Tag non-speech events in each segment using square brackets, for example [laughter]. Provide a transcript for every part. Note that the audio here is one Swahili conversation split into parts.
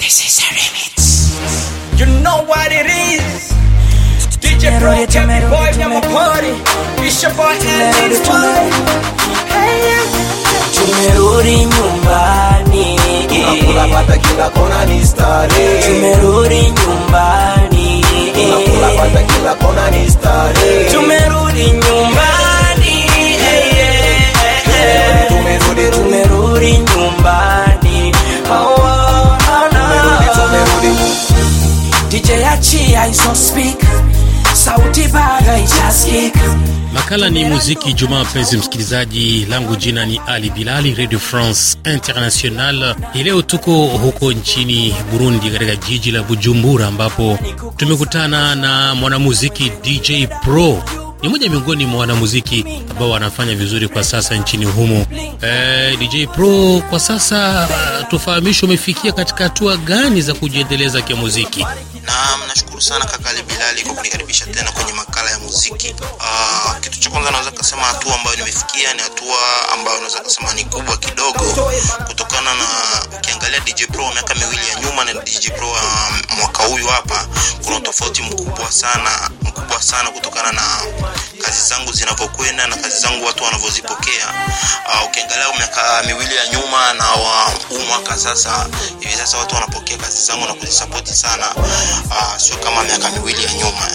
This is a remix. You know what it is. DJ Pro, me, Boy, I'm a party. It's your boy Andy's party. Tumerudi nyumbani, unakula pata kila kona ni stare. Tumerudi nyumbani, unakula pata kila kona ni stare. Tumerudi Makala ni muziki Jumaa. Mpenzi msikilizaji, langu jina ni Ali Bilali, Radio France International. Hii leo tuko huko nchini Burundi, katika jiji la Bujumbura, ambapo tumekutana na mwanamuziki DJ Pro ni mmoja miongoni mwa wanamuziki ambao wanafanya vizuri kwa sasa nchini humo. Eh, DJ Pro kwa sasa uh, tufahamishe, umefikia katika hatua gani za kujiendeleza kimuziki? Naam, nashukuru sana kaka Ali Bilali kwa kunikaribisha tena kwenye makala ya muziki. Uh, kitu cha kwanza naweza kusema hatua ambayo nimefikia ni hatua ambayo naweza kusema ni kubwa kidogo kutokana na DJ Pro miaka miwili ya nyuma na DJ Pro um, mwaka huyu hapa kuna tofauti mkubwa sana mkubwa sana kutokana na kazi zangu zinavyokwenda na kazi zangu watu wanavyozipokea. Uh, ukiangalia miaka miwili ya nyuma na huu uh, mwaka sasa hivi sasa watu wanapokea kazi zangu na kuzisapoti sana, uh, sio kama miaka miwili ya nyuma.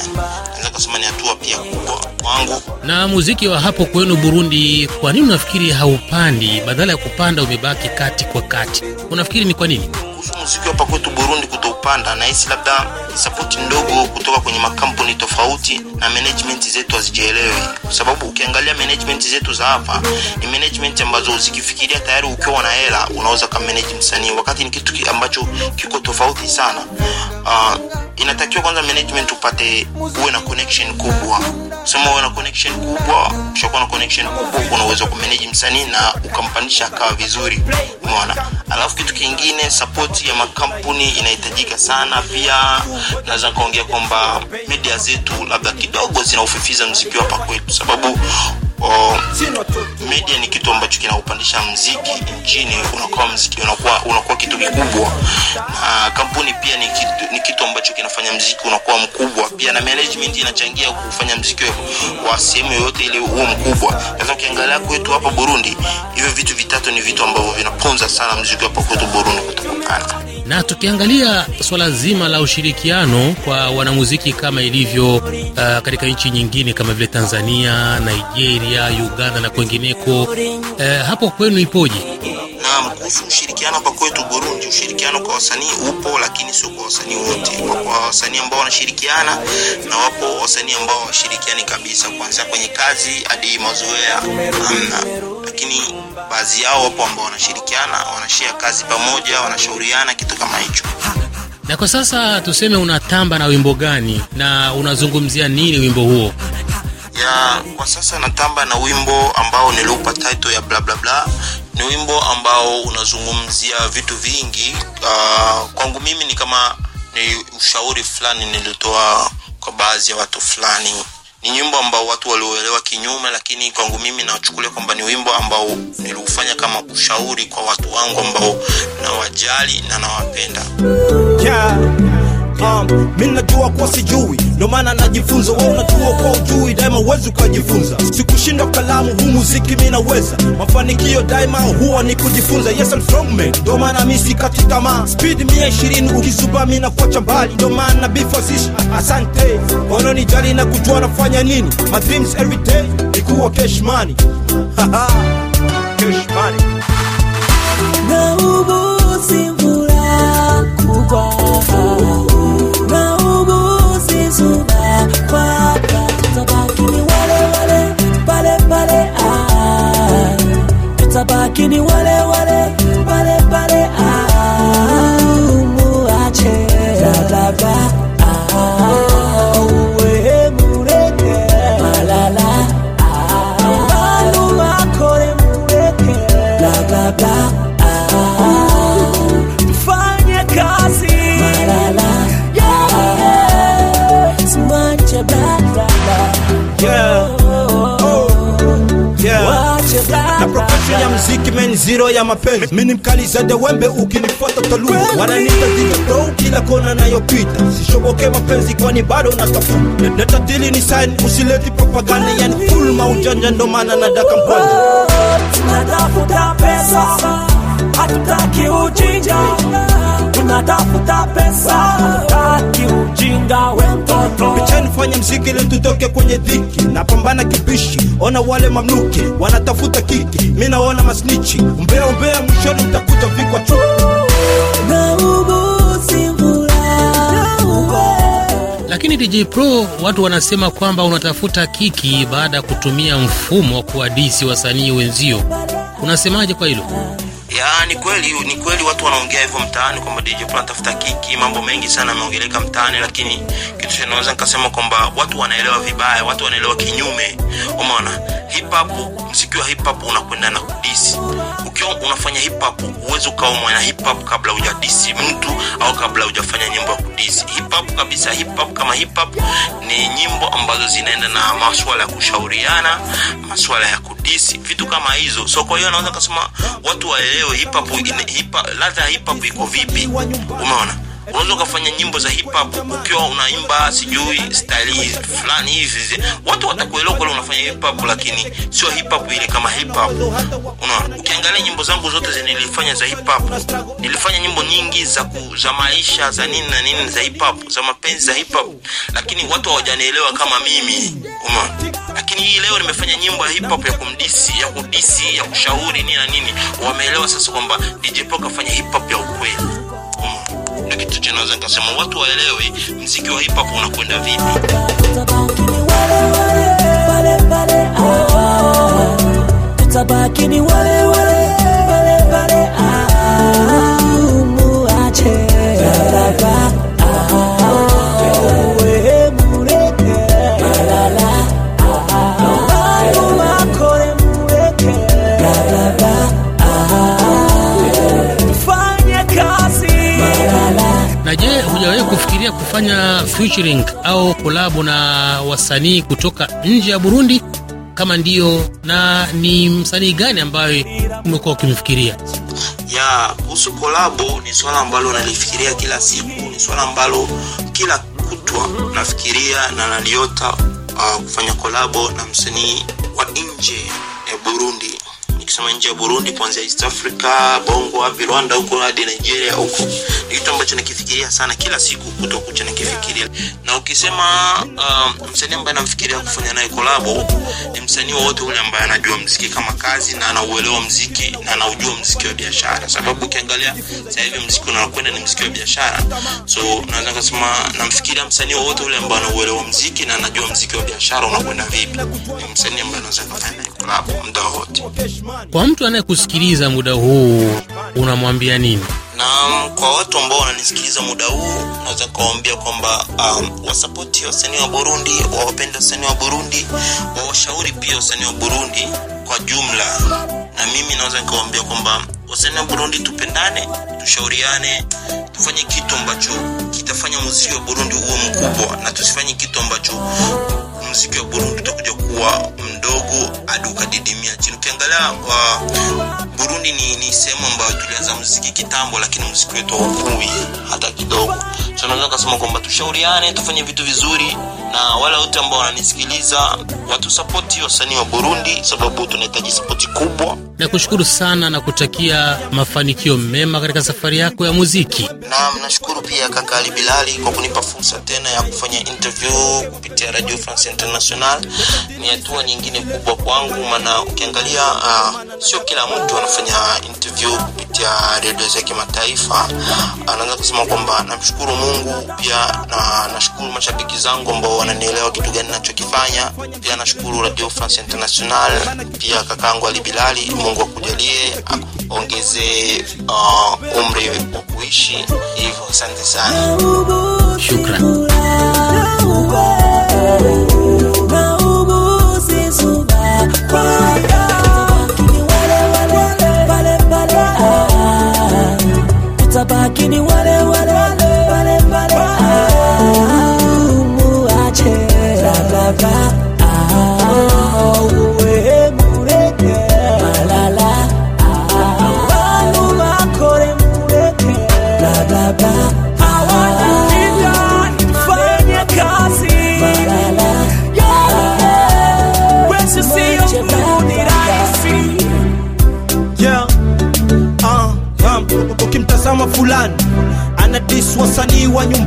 Naweza kusema ni hatua pia kubwa kwangu. Na muziki wa hapo kwenu Burundi, kwa nini unafikiri haupandi? Badala ya kupanda umebaki kati kwa kati, unafikiri ni kwa nini? kuhusu muziki hapa kwetu Burundi kutoupanda, nahisi labda sapoti ndogo kutoka kwenye makampuni tofauti na management zetu hazijaelewi, kwa sababu ukiangalia management zetu za hapa ni management ambazo zikifikiria tayari ukiwa na hela unaweza ka manage msanii, wakati ni kitu ambacho kiko tofauti sana. Uh, inatakiwa kwanza management upate, uwe na connection kubwa sema uwe na connection kubwa, ukishakuwa na connection kubwa kuna uwezo wa kumanage msanii na ukampanisha akawa vizuri, umeona. Alafu kitu kingine support ya makampuni inahitajika sana. Pia naweza kaongea kwamba media zetu labda kidogo zinaufifiza mziki wa kwetu, sababu o, media ni kitu ambacho kinaupandisha mziki nchini, unakuwa mziki unakuwa unakuwa kitu kikubwa, na kampuni pia ni kitu, ni kitu ambacho kinafanya mziki unakuwa mkubwa pia, na management inachangia kufanya mziki wa sehemu yoyote ile huo mkubwa. Sasa ukiangalia kwetu hapa Burundi, hivyo vitu vitatu ni vitu ambavyo vinaponza sana mziki hapa kwetu Burundi kutokana na tukiangalia swala zima la ushirikiano kwa wanamuziki kama ilivyo uh, katika nchi nyingine kama vile Tanzania, Nigeria, Uganda na kwengineko, uh, hapo kwenu ipoje? Naam, kuhusu ushirikiano hapa kwetu Burundi, ushirikiano kwa wasanii upo, lakini sio kwa wasanii wote. Kwa wasanii ambao wanashirikiana na wapo wasanii ambao washirikiani kabisa, kuanzia kwenye kazi hadi mazoea, hamna. Lakini baadhi yao wapo ambao wanashirikiana, wanashia kazi pamoja, wanashauriana kitu kama hicho. Na kwa sasa tuseme, unatamba na wimbo gani na unazungumzia nini wimbo huo? Ya, kwa sasa natamba na wimbo ambao niliupa title ya bla bla bla. Ni wimbo ambao unazungumzia vitu vingi. Uh, kwangu mimi ni kama ni ushauri fulani nilitoa kwa baadhi ya watu fulani ni nyimbo ambao watu walioelewa kinyume, lakini kwangu mimi nawachukulia kwamba ni wimbo ambao niliufanya kama ushauri kwa watu wangu ambao nawajali na nawapenda yeah um, mi najua kuwa sijui ndo maana najifunza we unajua kwa ujui daima uwezi ukajifunza sikushinda kalamu huu muziki mi naweza mafanikio daima huwa ni kujifunza yes I'm strong man ndo maana mi sikati tamaa speed mia ishirini ukisuba mi nakuacha mbali ndo maana bifasishi asante jali na kujua nafanya nini my dreams every day ni kuwa cash money [laughs] cash money na lakini wale wale Maisha ya mziki men zero ya mapenzi mini mkali zade wembe ukinifuata taluo wananiita digato kila kona nayopita sishoboke mapenzi ni bado natafuta dili ni sign usileti propaganda yani full maujanja ndo maana nadaka mkwanja oh, tunatafuta pesa hatutaki ujinga, tunatafuta pesa, hatutaki ujinga, we mtoto. Pichani fanya mziki ili tutoke kwenye dhiki, napambana kibishi, ona wale mamluki wanatafuta kiki, mi naona masnichi, mbea mbea, mwishoni mtakuta vikwa chuku Lakini DJ Pro watu wanasema kwamba unatafuta kiki baada ya kutumia mfumo wa kuadisi wasanii wenzio. Unasemaje kwa hilo? ya ni kweli, ni kweli watu wanaongea hivyo mtaani kwamba DJ Pro anatafuta kiki. Mambo mengi sana yameongeleka mtaani, lakini kitu cha naweza nikasema kwamba watu wanaelewa vibaya, watu wanaelewa kinyume. Umeona hip hop muziki wa hip hop unakwenda na kudisi. Ukiwa unafanya hip hop, uwezo ukawa mwana hip hop kabla hujadisi mtu au kabla hujafanya nyimbo ya kudisi. Hip hop kabisa, hip hop kama hip hop ni nyimbo ambazo zinaenda na masuala ya kushauriana, masuala ya kudisi, vitu kama hizo. So kwa hiyo anaweza kusema watu waelewe hip hop, ladha ya hip hop iko vipi, umeona? unaweza ukafanya nyimbo za hip hop ukiwa unaimba sijui style fulani hivi, watu watakuelewa kwa unafanya hip hop, lakini sio hip hop ile kama hip hop una. Ukiangalia nyimbo zangu zote zenye nilifanya za hip hop, nilifanya nyimbo nyingi za ku, za maisha za nini na nini za hip hop, za mapenzi za hip hop, lakini watu hawajanielewa kama mimi una lakini hii leo nimefanya nyimbo ya hip hop ya kumdisi ya kudisi ya kushauri nini na nini, wameelewa sasa kwamba DJ Paul kafanya hip hop ya ukweli naweza nikasema watu waelewe mziki wa hip hop unakwenda vipi tutabaki ni wale wale pale pale ah, kufanya featuring au kolabo na wasanii kutoka nje ya Burundi? Kama ndiyo, na ni msanii gani ambaye umekuwa ukimfikiria? Ya kuhusu kolabo, ni swala ambalo nalifikiria kila siku, ni swala ambalo kila kutwa nafikiria na naliota, uh, kufanya kolabo na msanii wa nje ya Burundi nikisema nje ya Burundi, kuanzia East Africa, Bongo wapi, Rwanda huko hadi Nigeria huko, ni kitu ambacho nakifikiria sana kila siku, kutokucha nakifikiria. Na ukisema um, msanii ambaye namfikiria kufanya naye collab ni msanii wote ule ambaye anajua mziki kama kazi na anauelewa mziki na anaujua mziki wa biashara, sababu ukiangalia sasa hivi mziki unakwenda ni mziki wa biashara, so naweza kusema namfikiria msanii wote ule ambaye anauelewa mziki na anajua mziki wa biashara unakwenda vipi, ni msanii ambaye anaweza kufanya naye kolabo muda wowote. Kwa mtu anayekusikiliza muda huu unamwambia nini? Na kwa watu ambao wananisikiliza muda huu naweza kuwaambia kwamba um, wasapoti wasanii wa Burundi, wawapende wasanii wa Burundi, wawashauri pia wasanii wa Burundi kwa jumla. Na mimi naweza nikawaambia kwamba wasanii wa Burundi tupendane, tushauriane, tufanye kitu ambacho kitafanya muziki wa Burundi huo mkubwa, na tusifanye kitu ambacho mziki wa Burundi utakuja kuwa mdogo hadi ukadidimia chini. Ukiangalia ah, Burundi ni, ni sehemu ambayo tulianza mziki kitambo, lakini mziki wetu haukui hata kidogo. Tunaweza kusema kwamba tushauriane, tufanye vitu vizuri, na wale wote ambao wananisikiliza watu support wasanii wa Burundi, sababu tunahitaji support kubwa na kushukuru sana na kutakia mafanikio mema katika safari yako ya muziki. Naam, nashukuru pia kaka Ali Bilali kwa kunipa fursa tena ya kufanya interview kupitia Radio France International. Ni hatua nyingine kubwa kwangu, maana ukiangalia, uh, sio kila mtu anafanya interview kupitia redio za kimataifa. Anaanza ah, kusema kwamba namshukuru Mungu pia na nashukuru mashabiki zangu ambao wananielewa kitu gani ninachokifanya. Pia nashukuru Radio France International, pia kakaangu Ali Bilali Mungu akujalie akuongeze uh, umri wa kuishi hivyo. Asante sana, shukran.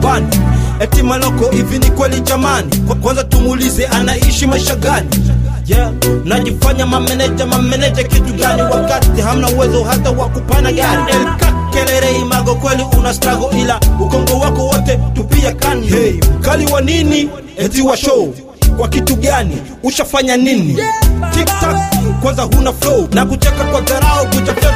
nyumbani. Eti Maloko, hivi ni kweli jamani? Kwanza tumuulize anaishi maisha gani? Yeah. Najifanya mameneja mameneja kitu gani, wakati hamna uwezo hata wa kupana gari kelele imago, kweli una struggle, ila ukongo wako wote tupia kani. Hey, kali wa nini? Eti wa show kwa kitu gani? Ushafanya nini? TikTok kwanza huna flow na kucheka kwa dharau kuchacheka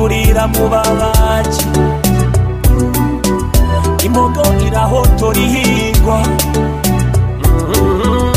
kurira mu babaki imbogo irahotora ihingwa mm-hmm.